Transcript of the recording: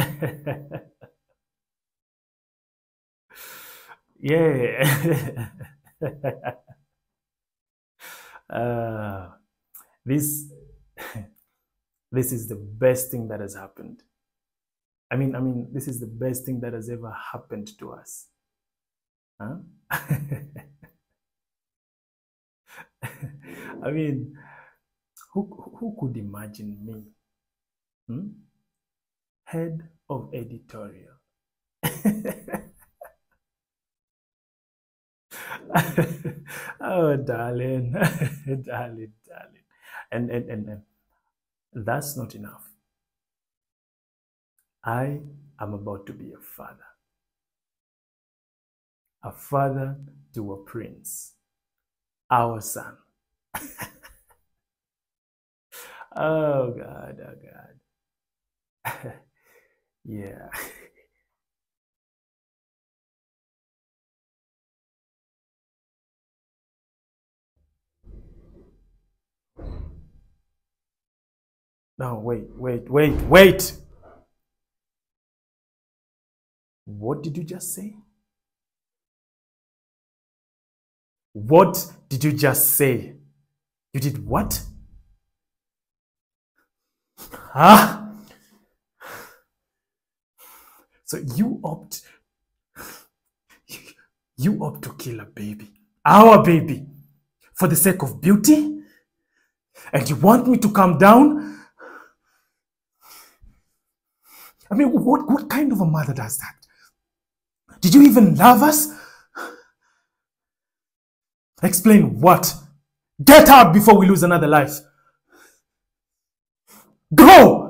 yeah. uh, this this is the best thing that has happened. I mean, I mean, this is the best thing that has ever happened to us. Huh? I mean, who who could imagine me? Hmm? head of editorial. oh, darling, darling, darling. And, and, and, and that's not enough. I am about to be a father. A father to a prince, our son. oh, God, oh, God. Yeah. No, wait, wait, wait, wait. What did you just say? What did you just say? You did what? Huh? So you opt, you opt to kill a baby, our baby, for the sake of beauty? And you want me to come down? I mean, what, what kind of a mother does that? Did you even love us? Explain what? Get out before we lose another life. Go!